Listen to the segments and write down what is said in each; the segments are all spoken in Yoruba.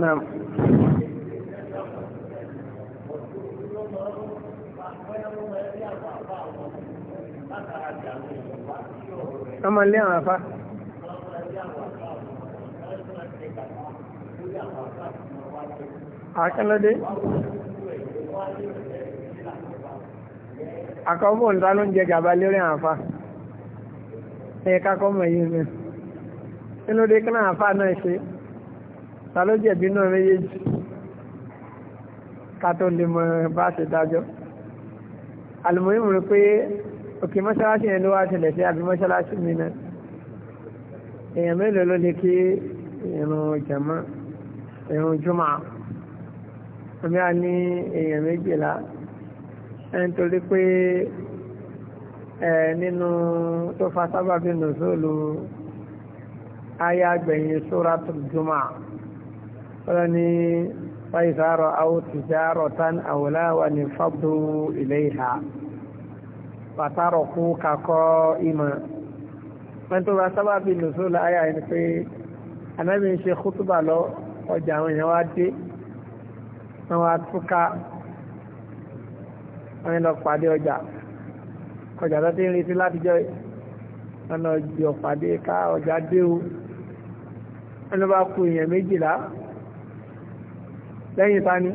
Naam. Ọmọ ilé àwọn afá. Àkànlọ́dé àkọ́bọ̀ nta ló ń jẹ gàba lórí àǹfà ẹ kákọ́ mọ̀ yìí ni nínú dé kíná àǹfà náà ṣe ta ló jẹ̀bi náà méjèèjì ká tó lè mọ bá ṣe dájọ́ àlùmọ́yìn mú pé òkè mọ́ṣáláṣí yẹn ló wá ṣẹlẹ̀ sí àbí mọ́ṣáláṣí mi náà èèyàn mélòó ló lè kí ìrùn jàmá ìrùn jùmọ̀ omi a ní èèyàn méjìlá nítorí pé ẹ nínú tó fa sábàbí nùsọ́ọ̀lù ayé àgbẹ̀yìn suratul Jumu'ah wọ́n ní fàìsàárọ̀ àwòtìjárọ̀ tán àwòláwà ní fàbdó ilé ìhà pàtàrọ̀ kú kakọ́ ìmọ̀ wọ́n tó bá sábàbí nùsọ́ọ̀lù ayé pé anábì kútùbà lọ ọjà àwọn èèyàn wá dé wọ́n wá túká wọ́n lọ pàdé ọjà ọjà tó ti ń retí látijọ́ wọ́n lọ jọ pàdé ká ọjà dé o wọ́n lọ bá kú èèyàn méjìlá lẹ́yìn tání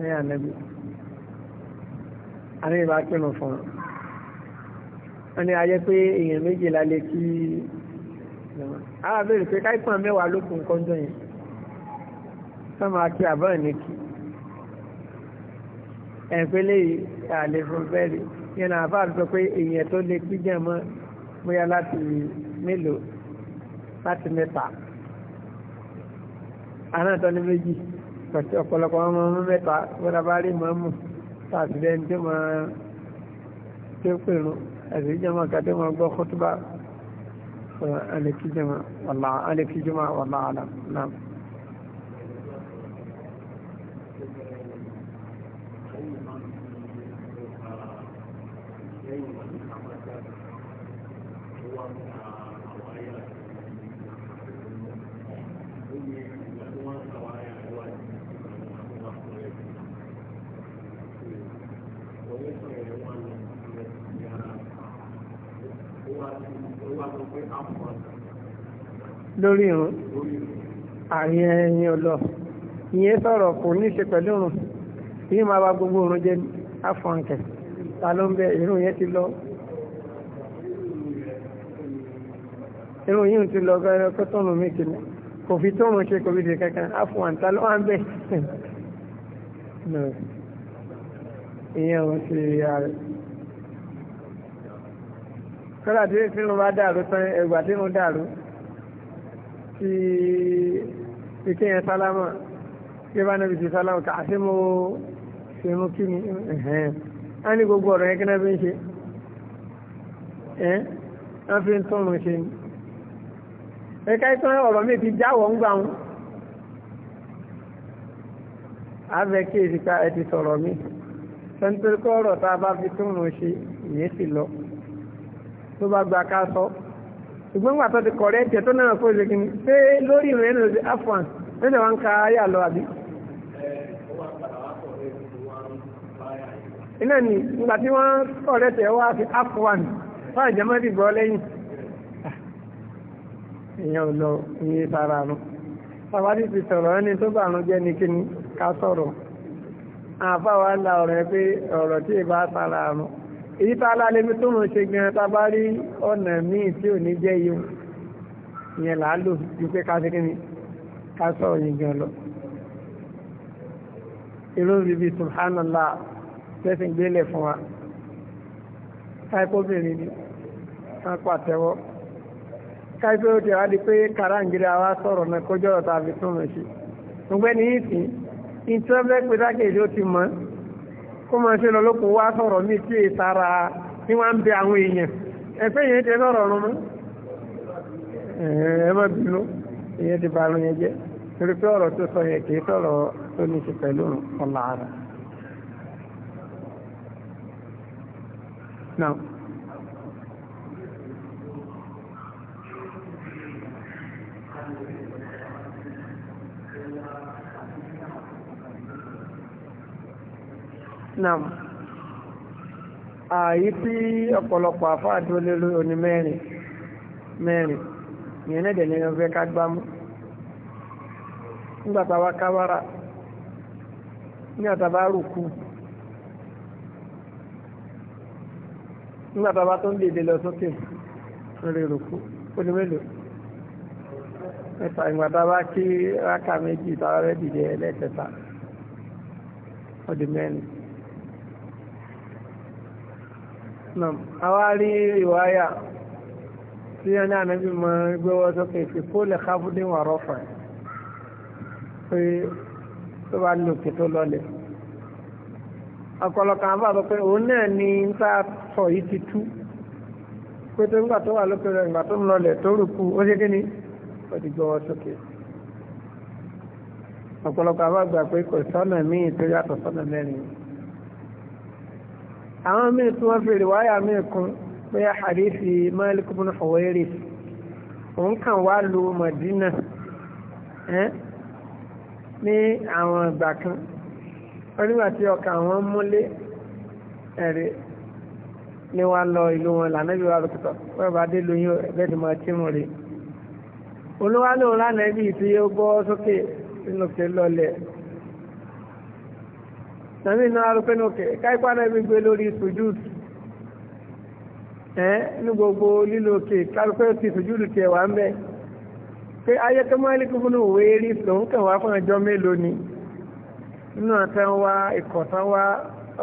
lẹ́yìn ànẹ́bí àní ìbá kírun fún un wọ́n ní ayé pé èèyàn méjìlá lè kí àwọn abẹ́rẹ́ pé káìpọ̀n mẹ́wàá ló kọ́ńtọ́ yẹn sọ́mọ́ akí àbọ̀ ní kí ẹ̀pẹ́lẹ́ yìí àlè fún bẹ́ẹ̀rì yẹn náà àfáà sọ pé èèyàn tó lè píjàn mọ́ bóyá láti mélòó láti mẹ́ta anáàtọ́ ní méjì ọ̀pọ̀lọpọ̀ ọmọ ọmọ mẹ́ta wọ́n bá rí mọ́mù tàbí lẹ́ni tí wọ́n tí ó pèrò ẹ̀sì ìjọmọ̀ kàtí wọ́n gbọ́ kọ́túbà alẹ́kíjọmọ̀ wàlá alẹ́kíjọmọ̀ wàlá àlàm lórí irun àárín ẹyin ọlọ ìyẹn sọ̀rọ̀ kò ní ṣe pẹ̀lú irun yìí máa bá gbogbo irun jẹ afọǹkẹ ta ló ń bẹ irun yẹn ti lọ irun yìí ti lọ gbẹrẹ kó tọ́nù mi kìlẹ̀ kò fi tọ́nù ṣe kò fi ṣe kankan àfọ àǹtá ló wà ń bẹ̀. ìyẹn ò ti ààrẹ. kọ́lá tí sínú bá dàrú tán ẹgbà tí mo dàrú tí ike yẹn sálámà tí bá níbi ti sálámà kà á sí mo ṣe mú kí ni á ní gbogbo ọ̀rọ̀ yẹn kí náà fi ń ṣe wọ́n fi ń tọ́nù ṣe ni ẹ̀ka ìtàn ọ̀rọ̀ mi ti jáwọ̀ ń gbà wọn afẹ́ kí èsì ká ẹ ti sọ̀rọ̀ mi sẹ́ńtẹ́rì kọ́ ọ̀rọ̀ tá a bá fi tún un ṣe ìyẹn sì lọ tó bá gba ká sọ ṣùgbọ́n gbà tó ti kọ̀rẹ́ ẹ̀jẹ̀ tó náà fún ìṣègùn ṣé lórí ìrìn ẹ̀nà ṣe afọ́n lẹ́sẹ̀ wọn ka ayé àlọ́ àbí. iná ni ìgbà tí wọ́n kọ̀rẹ́ ẹ̀jẹ̀ wá sí afọ́n fún àjẹmọ́dì bọ́ lẹ́yìn èèyàn lọ ní sára àrùn tàbátì ti sọ̀rọ̀ ẹni tó bá àrùn jẹ́ ní kíní ká sọ̀rọ̀ àfáwà ńlá ọ̀rọ̀ ẹ pé ọ̀rọ̀ tí ìbá sára àrùn èyí tá alálẹ́mí tó rùn ṣe gan tàbá rí ọ̀nà míì tí ò ní jẹ́ yìí ìyẹn là á lò ju pé ká sí kíní ká sọ̀rọ̀ yìí gan lọ irú bíbí subhanallah tẹ́sìn gbélé fún wa káìpọ́bìnrin ni wọ́n pàtẹ́wọ́ káípé ó ti wá di pé kàráǹgírí àwa sọ̀rọ̀ náà kójọ́ ọ̀tá àfi tún mọ̀ sí ṣùgbọ́n ní ìsìn ní tí wọ́n fẹ́ pé sákèjì ó ti mọ̀ kó mọ̀ sí lọ́lọ́kùn wá sọ̀rọ̀ mí tí è sára tí wọ́n ń bẹ àwọn èèyàn ẹ̀fẹ́ yẹn ti sọ̀rọ̀ ọ̀run mọ́ ẹ má bínú ìyẹn ti balùn yẹn jẹ́ torí pé ọ̀rọ̀ tó sọ yẹn kì í sọ̀rọ̀ tó ní Now. nam ààyè tí ọ̀pọ̀lọpọ̀ àfáàdúró lé lórí oní mẹ́rin mẹ́rin ìyẹn náà dẹ̀ ní ọ̀fẹ́ ká gbámú wa rùkú nígbàtà bá tó ń dèdè lọ sókè lórí rùkú ó ní mélòó mẹ́ta ìgbàtà kí méjì ọdún nam awari riwaya tí yẹn ní ànábì mọ gbéwọ́ sókè fi kó lè kábúdín wà rọ́fà pé tó bá lòkè tó lọlẹ̀ ọ̀pọ̀lọpọ̀ àwọn àbọ̀ pé òun náà ni ń tá sọ yìí ti tú pé tó ń gbà tó wà lókè rẹ̀ ìgbà tó ń lọlẹ̀ tó rù kú ó ṣe kí ó ti gbéwọ́ sókè ọ̀pọ̀lọpọ̀ àwọn àgbà pé kò sọ́nà míì tó yàtọ̀ sọ́nà mẹ́rin yìí àwọn míì tí wọ́n fi rìwáyà míì kún pé àdéhì Malik ibn Huwairis òun kàn wá lu Madina ní àwọn ìgbà kan wọ́n nígbà tí ọkà wọn múlé ẹ̀rí ni wá lọ ìlú wọn lànàbí wa lókùtọ̀ wọ́n bá dé lóyún ẹgbẹ́ tí mo ti mú rí sàmì iná arúgbẹ́nùkẹ́ káípa náà mi gbé lórí sujud ẹ́ ní gbogbo lílo òkè kárúpẹ́ ti sujud tiẹ̀ wá ń bẹ́ pé ayẹ́kẹ́ mọ́lẹ́ kí fúnnú òwe rí lòún kàn wá fún ọjọ́ mélòó ni nínú àtẹ́ wa ìkọ̀tán wa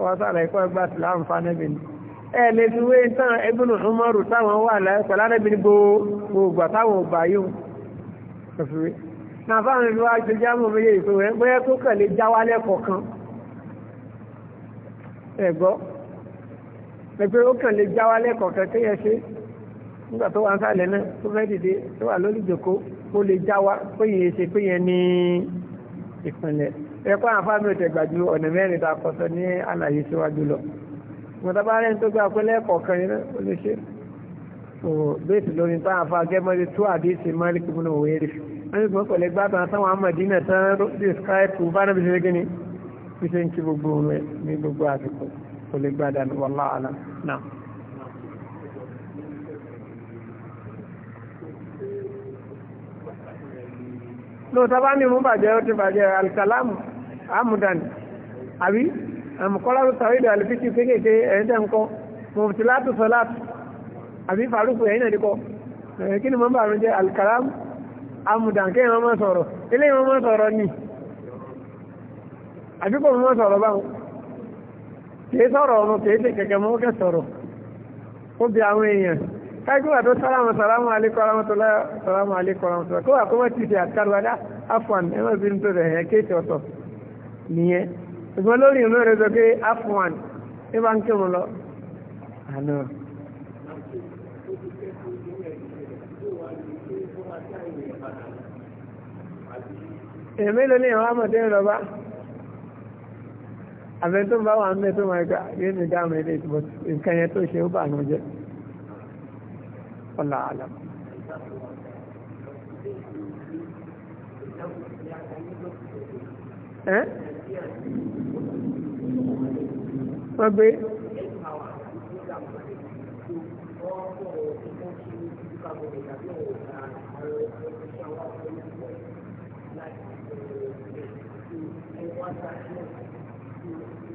wá sára ikọ́ ẹgbà sí láǹfààní ni ẹ lè fi wé tán ẹgbẹ́nu ọmọrù táwọn wà láìpẹ́ lárẹ́bí ní gbogbo àtàwọn ògbà yóò nàfààní ló wá jẹjẹ́ àmọ́ mi yé ìfowó ẹ bóyá tó kàn kọ̀ọ̀kan ẹ̀gbọ́ ẹgbẹ́ ó kàn lè já wálé kọ̀ọ̀kan kéèyàn ṣe nígbà tó wà ń sàlẹ̀ náà tó fẹ́ dìde tó wà lórí ìjòkó ó lè já wá péye ṣe péye ní ìpínlẹ̀ ẹ̀kọ́ àwọn fáwọn ètò ìgbàjú ọ̀nà mẹ́rin tó akọ́sọ ní àlàyé síwájú lọ mọ̀tàbá rẹ̀ tó gbà pé lẹ́ẹ̀kọ̀ọ̀kan yìí náà ó lè ṣe ò bẹ́ẹ̀sì lórí táwọn afọ agẹ́mọ́lé tó àdéhìsì mọ́lẹ́kùnmọ́ òwe rẹ̀ wọ́n ti gbọ́ pẹ̀lú gbádùn àtàwọn amọ̀dínà tán describe bá náà bí ṣe gíní pípé ń kí gbogbo rẹ ní gbogbo àsìkò kò lè gbádà ní wàhálà àlà náà. lóòótọ́ bá ní mú bàjẹ́ ó ti bàjẹ́ alikalamu amudani àbí àmukọ́lá tó sàwédò àlùfíìsì kéékèèké ẹ̀yìn tẹ̀ ń kọ́ mọ̀mùtí látò sọ látò àbí faruku ẹ̀yìn náà dikọ́ kí ni mọ̀ bàrún jẹ́ alikalamu amudani kéèyàn mọ̀ sọ̀rọ̀ eléyìí mọ̀ sọ̀rọ̀ ni àbíkò mọ́ sọ̀rọ̀ báwọn kìí sọ̀rọ̀ ọmọ kìí ṣe kẹ̀kẹ́ mọ́ kẹ́ sọ̀rọ̀ ó bí àwọn èèyàn kágbíwà tó sálámù sálámù alékọ́lámọ́tọ́lá sálámù alékọ́lámọ́tọ́lá kó wà kó mọ́ ti ṣe àtàrúwádá afọ́n ẹmọ́ bí n tó rẹ̀ ẹ̀ kéèkì ọ̀tọ̀ nìyẹn ṣùgbọ́n lórí ìlú rẹ̀ sọ pé afọ́n ẹ bá ń kírun lọ àná èmi lónìí àwọn amọ̀dé ń lọ bá àbẹ́ tó bá wà mẹ́ tó máa yóò ní dáàmù ilé ìtìbọ̀ nǹkan yẹn tó ṣe ó bà náà jẹ́ ọ̀là àlà Thank you.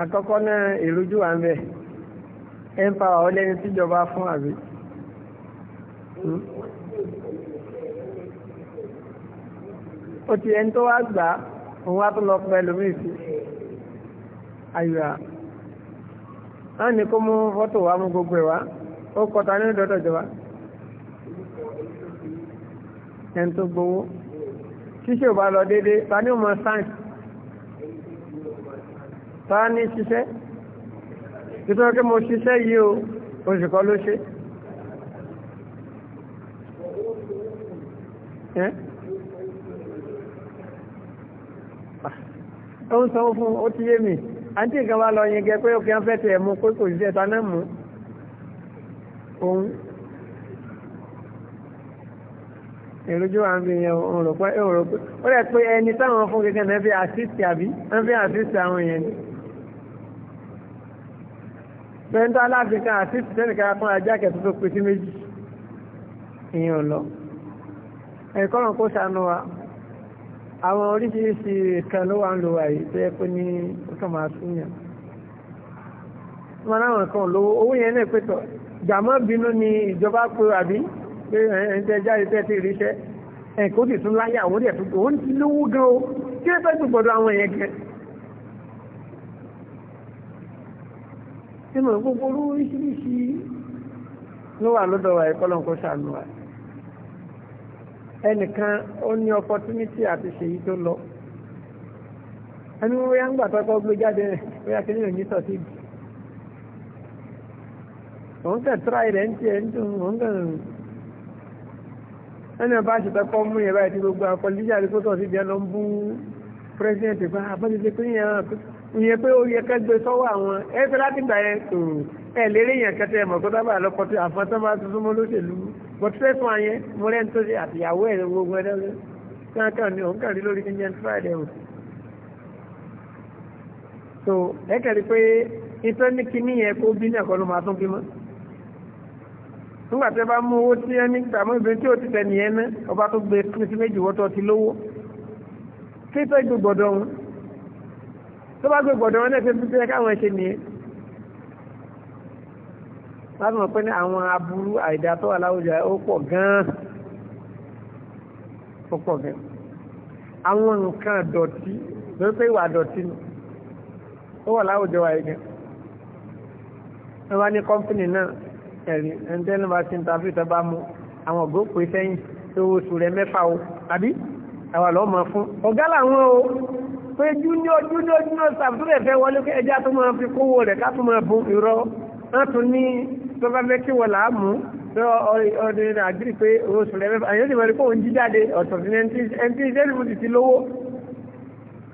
àkọ́kọ́ náà ìrújú wà ń bẹ̀ ẹ tíjọba fún àbí hmm? ó ti ẹni tó wá gbà òun wá tó lọ pẹ̀lú mí sí àyà á ní kó mú gbogbo ẹ̀ wá ó kọta ní ìdọ́tọ̀ jọba ẹni tó gbowó ṣíṣe ò bá lọ déédéé ta ni ta ní ṣiṣẹ́ títọ́ kí mo ṣiṣẹ́ yìí o oṣù kan ló ṣe ó ń sanwó fún ó ti yé mi àti nǹkan wá lọ yẹn gẹ pé òkè afẹ́ tẹ̀ mú pé kò ṣiṣẹ́ ta náà mú òun èròjú wa ń bí yẹn òun rò pé ó rẹ̀ pé ẹni táwọn fún gẹ́gẹ́ náà fi àṣìṣì àbí wọ́n fi àṣìṣì àwọn èèyàn ni pẹ̀lú aláfikà àti tẹ́nìkà fún ajákẹ̀ tó tó pè sí méjì ìyàn lọ ẹ̀kọ́rùn kó sànú wa àwọn oríṣiríṣi ìkan ló wà ń lo àyè tó yẹ pé ní ọkàn máa súnyàn wọn láwọn kan lówó owó yẹn náà pẹ̀tọ̀ jàmọ́ bínú ni ìjọba pé àbí pé ẹ̀ǹtẹ́ jáde tẹ́ ti ríṣẹ́ ẹ̀kọ́ sì tún láyà òun ti lówó gan o kí ẹ fẹ́ gbọ́dọ̀ àwọn èèyàn gẹ̀ẹ́ nínú gbogbo oríṣiríṣi ló wà lọ́dọ̀ wa ẹ̀kọ́ lọ́n kó ṣàánú wa ẹnìkan ó ní opportunity àti ṣèyí tó lọ ẹni wọ́n yá ń gbà tọ́kọ́ gbé jáde rẹ̀ bóyá kí nínú yìí sọ̀tì bì òun kẹ̀ tíráì rẹ̀ ń tiẹ̀ ń dùn òun kẹ̀ ń ẹni ọba àṣetọ́kọ́ mú yẹn báyìí tí gbogbo akọ líjà rí kó sọ̀tì bì ẹ lọ ń bú president bá abọ́dé pé yẹn ìyẹn pé ó yẹ ká gbé sọ́wọ́ àwọn ẹ̀fẹ́ láti gbà yẹn tó ẹ̀ lérè yẹn kẹtẹ ẹ̀ mọ̀kọ́ sábà lọ́kọ́ tó àfọ́n tó máa tuntun mọ́ lóṣèlú bọ́tú fẹ́ fún ayẹn mo rẹ́ ń tó ṣe àtìyàwó ẹ̀ gbogbo ẹ̀ lọ́wọ́ kankan ni òun kàn rí lórí kíni ẹni friday o. so ẹ kẹ́rì pé ìtọ́ ní kíní yẹn kó bí ní ẹ̀kọ́ ló máa tún bímọ. nígbà tí bá mú owó tí ẹ ní gbàmọ́ ìbí tó bá gbé gbọ̀dọ̀ wọn náà ṣe fífẹ́ káwọn ṣe nìyẹn láti mọ̀ pé ní àwọn aburú àìdá tó wà láwùjọ ó pọ̀ gan-an ó pọ̀ gan-an àwọn nǹkan dọ̀tí lórí pé ìwà dọ̀tí ni ó wà láwùjọ àìdá wọ́n bá ní kọ́mpìnì náà ẹ̀rí ẹ̀ńtẹ́nu bá ti ń tàbí ìtọ́ bá mú àwọn ògbó pè sẹ́yìn o àbí àwọn pé júnior júnior júnior staff tó lè fẹ́ wọlé pé ẹja tó máa fi kówó rẹ̀ ká tó máa bu irọ́ wọ́n tún ní tó bá fẹ́ kí wọ́n là á mú ọdún ní àgírí pé oṣù rẹ̀ mẹ́fà àyẹ̀wò ìmọ̀lẹ́ kó ń jí jáde ọ̀tọ̀ sí ẹni tí ìṣẹ́lú ti ti lówó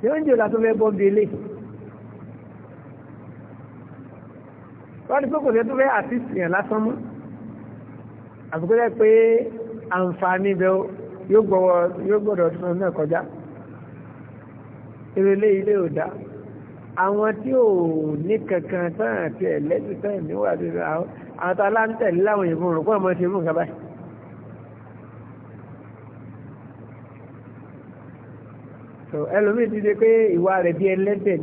ní oúnjẹ ìlà tó fẹ́ bọ́ délé àǹfààní ibẹ̀ yóò gbọ́dọ̀ tó náà ìrẹ̀lẹ̀ ilé ò dá àwọn tí ò ní kankan tán àti ẹ̀lẹ́sì tán níwà nínú àwọn àwọn tó aláǹtẹ̀lẹ́ láwọn ìbò rò pọ̀ mọ́ ti mú nǹkan báyìí. so ẹlòmíì ti ṣe pé ìwà rẹ̀ bí ẹlẹ́dẹ̀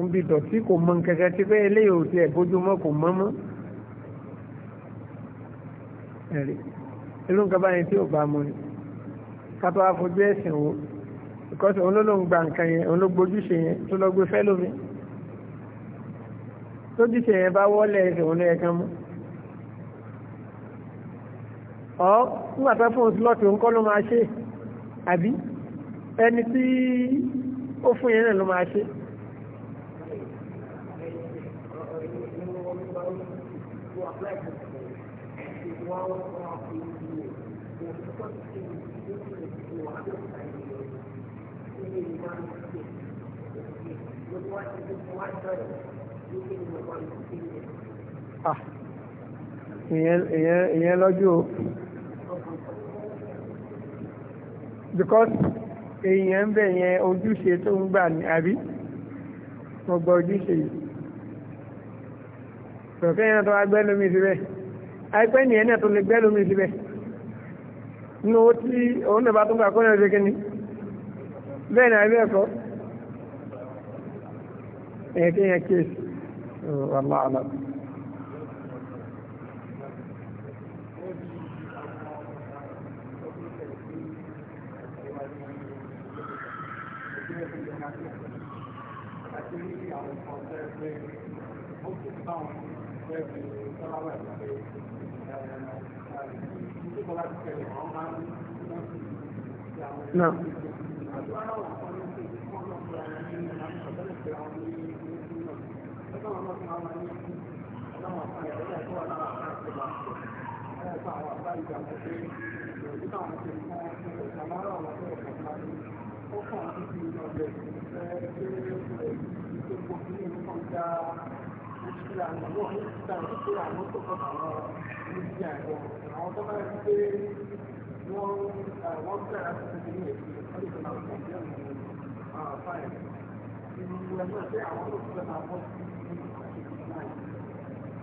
ń bi dọ̀tí kò mọ kankan tí pé eléyìí ò tiẹ̀ bójúmọ́ kò mọ́ mọ́ ẹ̀rí irú nǹkan báyìí tí ò bá fojú ẹ̀sìn wo because òun ló ló ń gba nǹkan yẹn òun ló gbójúṣe yẹn tó lọ gbé fẹ́ lómi tójúṣe yẹn bá wọ́lẹ̀ ẹsẹ̀ òun lẹ́yẹ kan mú ọ́ nígbà tó fún slọ́ọ̀tì òun kọ́ ló máa ṣe àbí ẹni tí ó fún yẹn náà ló máa ṣe. Thank you. Ah, ìyẹn lọ́jọ́ because èèyàn ń bẹ̀ yẹn ojúṣe tó ń gbà ní àbí mo gba ojúṣe yìí tòkẹ́ yẹn tó wá gbẹ́ lómi síbẹ̀ àìpẹ́ nìyẹn náà tó lè gbẹ́ lómi síbẹ̀ nínú owó tí òun náà bá tún gbà kó náà ṣe kí ni bẹ́ẹ̀ náà ẹgbẹ́ ẹ̀kọ́ ẹ̀yẹ kí yẹn kíyèsí wàlá àlá. No. Àwọn tó bá rí pé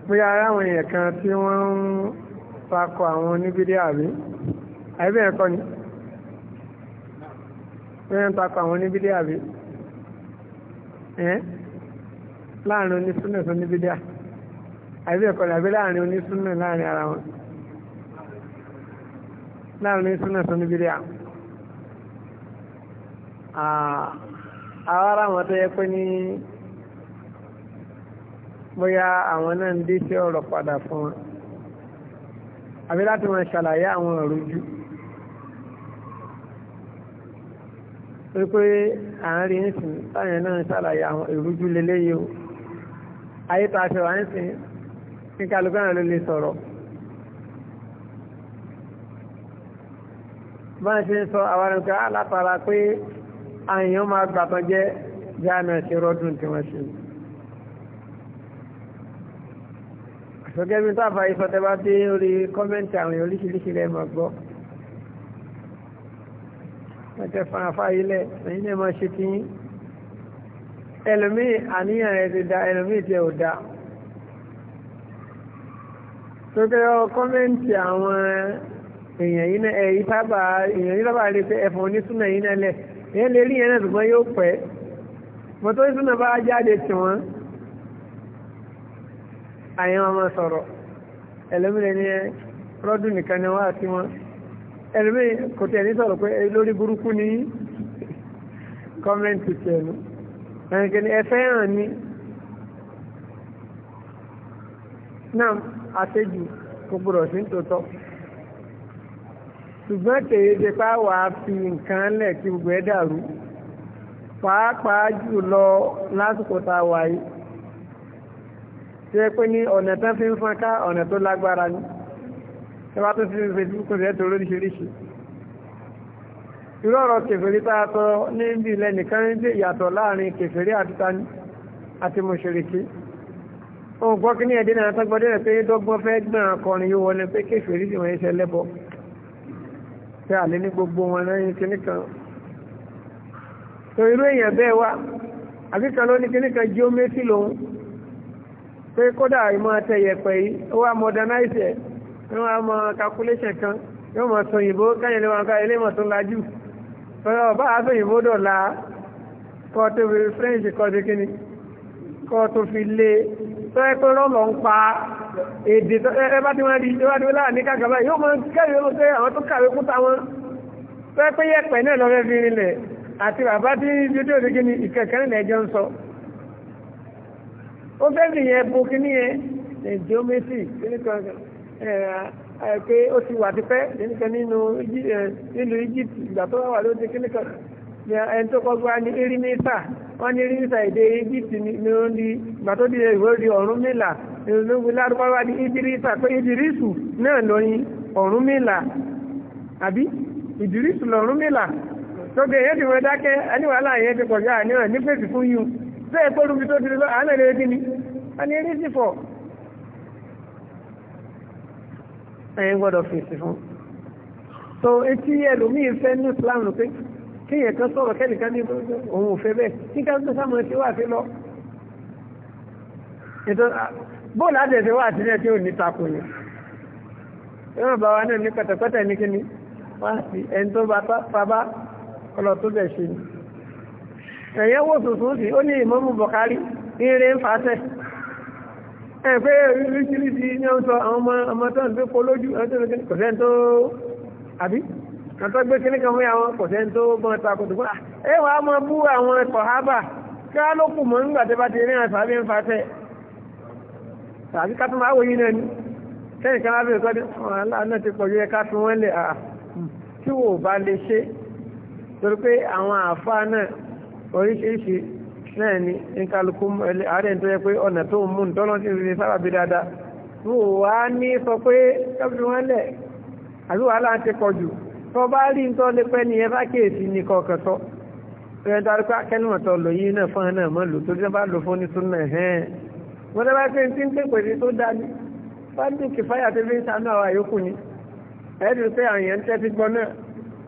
bóyá ara àwọn èèyàn kan tí wọ́n ń fakọ àwọn oníbídé àbí àìbẹ̀ ẹ̀kọ́ ni wọ́n ń takọ àwọn oníbídé àbí ẹ́ láàrin onísúnà sí oníbídé àìbẹ̀ ẹ̀kọ́ ni àbí láàrin onísúnà láàrin ara wọn láàrin súnà sọ́nù bírí à àwárá àwọn tó yẹ pé ní bóyá àwọn náà ń dé sí ọ̀rọ̀ padà fún wọn àbí láti wọn ṣàlàyé àwọn ìrújú wípé àárín ìsìn táyẹ̀ náà ń ṣàlàyé àwọn ìrújú lélẹ́yìí o ayé tó aṣọ àìsìn ní kálukú náà ló lè sọ̀rọ̀ bá ń ṣe ń sọ àwọn ẹ̀rùnkà látara pé àyàn máa gbàtàn jẹ́ jáàmì ṣe rọ́dún tí wọ́n ṣe ṣọ́gẹ́bí tàbà ìfọ́tẹ́bá dé orí kọ́mẹ́ntì àwọn èèyàn oríṣiríṣi lẹ́mọ̀ gbọ́ ẹ̀tẹ́ fún afá ilẹ̀ ẹ̀yìn lẹ́mọ̀ ṣe ti yín ẹlòmí àníyàn rẹ̀ ti da ẹlòmí tẹ ò da ṣọ́gẹ́ kọ́mẹ́ntì àwọn èèyàn yìí náà ẹ̀yìn sábà èèyàn yìí sábà lè ṣe ẹ̀fọn onísúnà yìí náà lẹ̀ èèyàn lè rí yẹn náà ṣùgbọ́n yóò pẹ́ mọ́tò ìsúnà bá jáde tì wọ́n àyàn máa sọ̀rọ̀ ẹlẹ́mìlẹ̀ ni rọ́dù nìkan ni wọ́n wọn kò tẹ̀ ní sọ̀rọ̀ pé lórí burúkú ni kọ́mẹ́ǹtì ẹ fẹ́ràn ni náà àṣejù kò gbọdọ̀ sí ní tòótọ́. ṣùgbọ́n tèédé pa wà fi nǹkan lẹ̀ kí gbogbo ẹ̀ dàrú pàápàá jù lọ lásìkò tá a wà yìí tí pé ní ọ̀nà tán fi ń fọn ká ọ̀nà tó lágbára ní ẹwà tó fi ń facebook rẹ̀ tó lóríṣiríṣi irú ọ̀rọ̀ kèfèrí tá a sọ níbi lẹ́nìkan ń dé ìyàtọ̀ láàrin kèfèrí àti tani àti mọ̀ṣẹ̀rẹ̀kí òun gbọ́ kí ní ẹ̀dínà tó gbọ́dọ̀ pé dọ́gbọ́n fẹ́ gbọ́n akọrin yóò wọlé pé kèfèrí sì wọ́n ṣe tẹ́ àlẹ́ ní gbogbo wọn lẹ́yìn kíní kan tó irú èèyàn bẹ́ẹ̀ wá àbí kan ló ní kíní kan geometry lòun pé kódà ìmọ̀ àtẹ̀yẹ̀pẹ̀ yìí ó wá modernize ẹ̀ ní wọ́n á mọ calculation kan yóò mọ̀ sọ òyìnbó káyọ̀ lè wọn ká ilé mọ̀ tó lajú pẹ̀lú ọba àti òyìnbó dọ̀la kọ́ tó fi French kọ́ tó kíní kọ́ tó fi lé tọ́yẹ́ pé rọ́lọ̀ ń pa èdè ẹbá tí wọ́n rí ẹbá tí wọ́n láà ní kàkàbá yóò mọ́ kẹ́rì ó tẹ́ àwọn tó kàwé kúta wọn tọ́yẹ́ pé yẹ́pẹ̀ náà lọ́rẹ́ fi rinlẹ̀ àti bàbá tí fídíò ní kíni ìkẹ̀kẹ́rin lẹ́jọ́ ń sọ ó fẹ́ nìyẹn bo kíní yẹn geometry kíníkan pé ó ti wà tipẹ́ kíníkan nínú Egypt ìgbà tó wà wọ́n ní ríṣà èdè Egypt ó ní di ìwé orí Ọ̀rúnmìlà ìlúgbù lárúbáwá ní Ìdírísà pé Ìdírísù náà lóyin Ọ̀rúnmìlà àbí Ìdírísù lọ̀rúnmìlà tó gbé ti wọ́n dákẹ́ ẹni yẹn ti pọ̀jù àníwọ̀n ní pèsè fún yìí tó ẹ̀ pẹ́rù bí tó ti lọ àánà lè so kéèyàn kan sọ̀rọ̀ kẹ́nìkan ní òun ò fẹ́ bẹ́ẹ̀ nígbà tó sáàmù ẹ̀ tí wà sí lọ bóòlù àtẹ̀sẹ̀ wà sílẹ̀ tí ò ní takò yẹn bá wa náà ní pẹ̀tẹ̀pẹ̀tẹ̀ ní kíní wá sí ẹni tó bá pàbá ọlọ bẹ̀ ṣe ni ẹ̀yẹ́ wò tuntun sí ó ní ìmọ̀mù bọ̀kárí eré ń fàṣẹ ẹ̀ oríṣiríṣi ní ọ̀sọ̀ àwọn ọmọ tó ń gbé polójú ọ̀sẹ̀ kò sẹ́ni tó àbí àwọn tó gbé kíní kan fún àwọn kọ̀sẹ́ tó bọ́n ta kò tó fún ah, ẹ wàá mọ bú àwọn sọ̀hábà kí á ló kù mọ́ nígbà tó bá ti rí àwọn sàbí ń fa tẹ̀ tàbí ká tó máa wòye náà ni kẹ́yìn kan lábẹ́ ìkọ́ni aláàánú ti pọ̀ yẹ ká fi wọ́n lè àà ah, hmm. tí wò bá lè ṣe torí pé àwọn àáfàá náà oríṣiríṣi ni nkálukú àárẹ̀ tó yẹ lẹ̀ àbí wàhálà ti pọ̀ jù tó bá rí tó lé pẹ́ ní ẹbá kéèsì ní kọ̀ọ̀kan tọ́ ẹ darí pé akẹ́lùmọ̀ tó lò yí náà fún ẹ náà mọ́ lò tó dé bá lò fún ní súnmọ́ ẹ̀hẹ́n wọ́n dábàá pé tí ń pè pèsè tó dá ní fáńtì kìfáyà tó fi ń sanú àwọn àyókù ni ẹ̀ẹ́dùn pé àwọn èèyàn tẹ́tí gbọ́ náà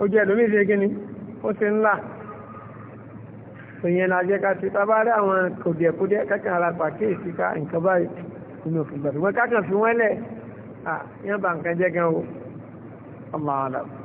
ojú ẹ̀lómi ṣe gíní ó ti ńlá ìyẹn la jẹ́ ká ti tábá rí àwọn kòdìẹ̀kúdẹ́ kákan ara pàkíyèsí ká nǹkan báyìí inú òfin gbàdúgbọ́n kákan fi wọ́n lẹ̀ à yẹn bá nǹkan jẹ́ gan o ọmọ àwọn àdàbọ̀.